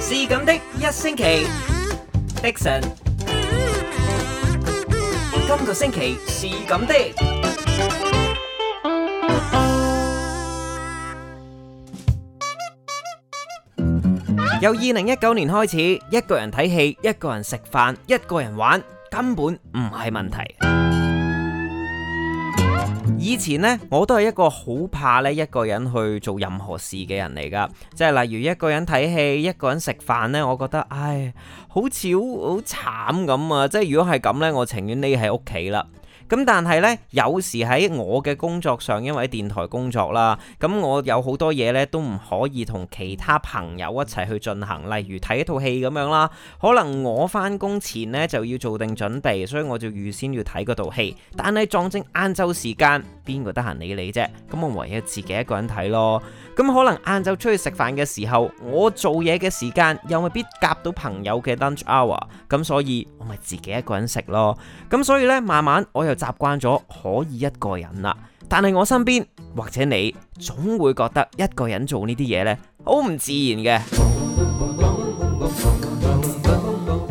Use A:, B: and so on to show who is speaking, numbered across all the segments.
A: 是咁的一星期，Dixon。今個星期是咁的。由二零一九年開始，一個人睇戲，一個人食飯，一個人玩。根本唔係問題。以前呢，我都係一個好怕呢一個人去做任何事嘅人嚟㗎，即係例如一個人睇戲，一個人食飯呢，我覺得，唉，好似好好慘咁啊！即係如果係咁呢，我情願匿喺屋企啦。咁但係呢，有時喺我嘅工作上，因為喺電台工作啦，咁我有好多嘢呢都唔可以同其他朋友一齊去進行，例如睇一套戲咁樣啦。可能我翻工前呢就要做定準備，所以我就預先要睇嗰套戲。但係撞正晏晝時間，邊個得閒理你啫？咁我唯有自己一個人睇咯。咁可能晏晝出去食飯嘅時候，我做嘢嘅時間又未必夾到朋友嘅 lunch hour，咁所以我咪自己一個人食咯。咁所以呢，慢慢我又習慣咗可以一個人啦，但係我身邊或者你總會覺得一個人做呢啲嘢呢，好唔自然嘅。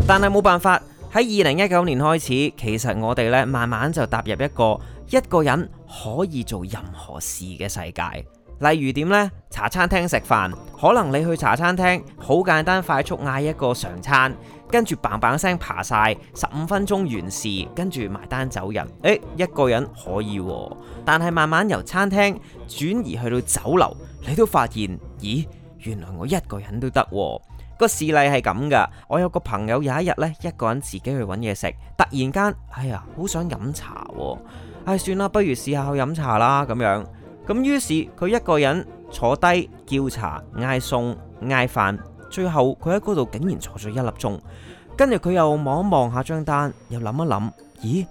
A: 但係冇辦法，喺二零一九年開始，其實我哋呢，慢慢就踏入一個一個人可以做任何事嘅世界。例如點呢？茶餐廳食飯，可能你去茶餐廳，好簡單快速嗌一個常餐。跟住砰砰聲爬晒，十五分鐘完事，跟住埋單走人。誒，一個人可以喎，但係慢慢由餐廳轉移去到酒樓，你都發現，咦，原來我一個人都得喎。個事例係咁噶我有個朋友有一日呢，一個人自己去搵嘢食，突然間，哎呀，好想飲茶喎，唉、哎，算啦，不如試下去飲茶啦咁樣。咁於是佢一個人坐低叫茶，嗌餸、嗌飯。最後佢喺嗰度竟然坐咗一粒鐘，跟住佢又望一望下張單，又諗一諗，咦？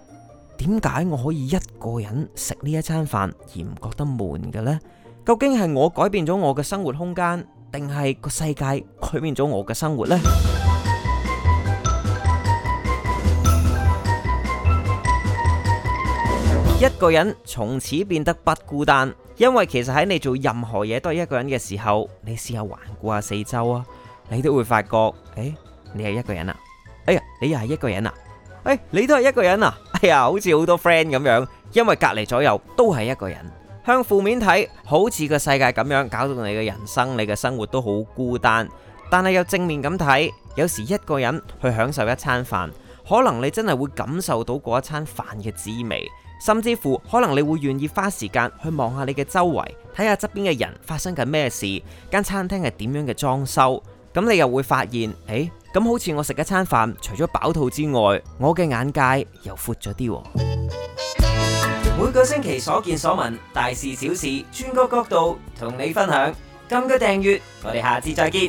A: 點解我可以一個人食呢一餐飯而唔覺得悶嘅呢？究竟係我改變咗我嘅生活空間，定係個世界改變咗我嘅生活呢？ 一個人從此變得不孤單，因為其實喺你做任何嘢都係一個人嘅時候，你試下環顧下四周啊！你都會發覺，誒、哎，你係一個人啊，哎呀，你又係一個人啊，誒，你都係一個人啊，哎呀，好似好多 friend 咁樣，因為隔籬左右都係一個人。向負面睇，好似個世界咁樣，搞到你嘅人生、你嘅生活都好孤單。但係又正面咁睇，有時一個人去享受一餐飯，可能你真係會感受到嗰一餐飯嘅滋味，甚至乎可能你會願意花時間去望下你嘅周圍，睇下側邊嘅人發生緊咩事，間餐廳係點樣嘅裝修。咁你又會發現，誒、欸、咁好似我食一餐飯，除咗飽肚之外，我嘅眼界又闊咗啲。每個星期所見所聞，大事小事，轉個角，角度同你分享。撳個訂閱，我哋下次再見。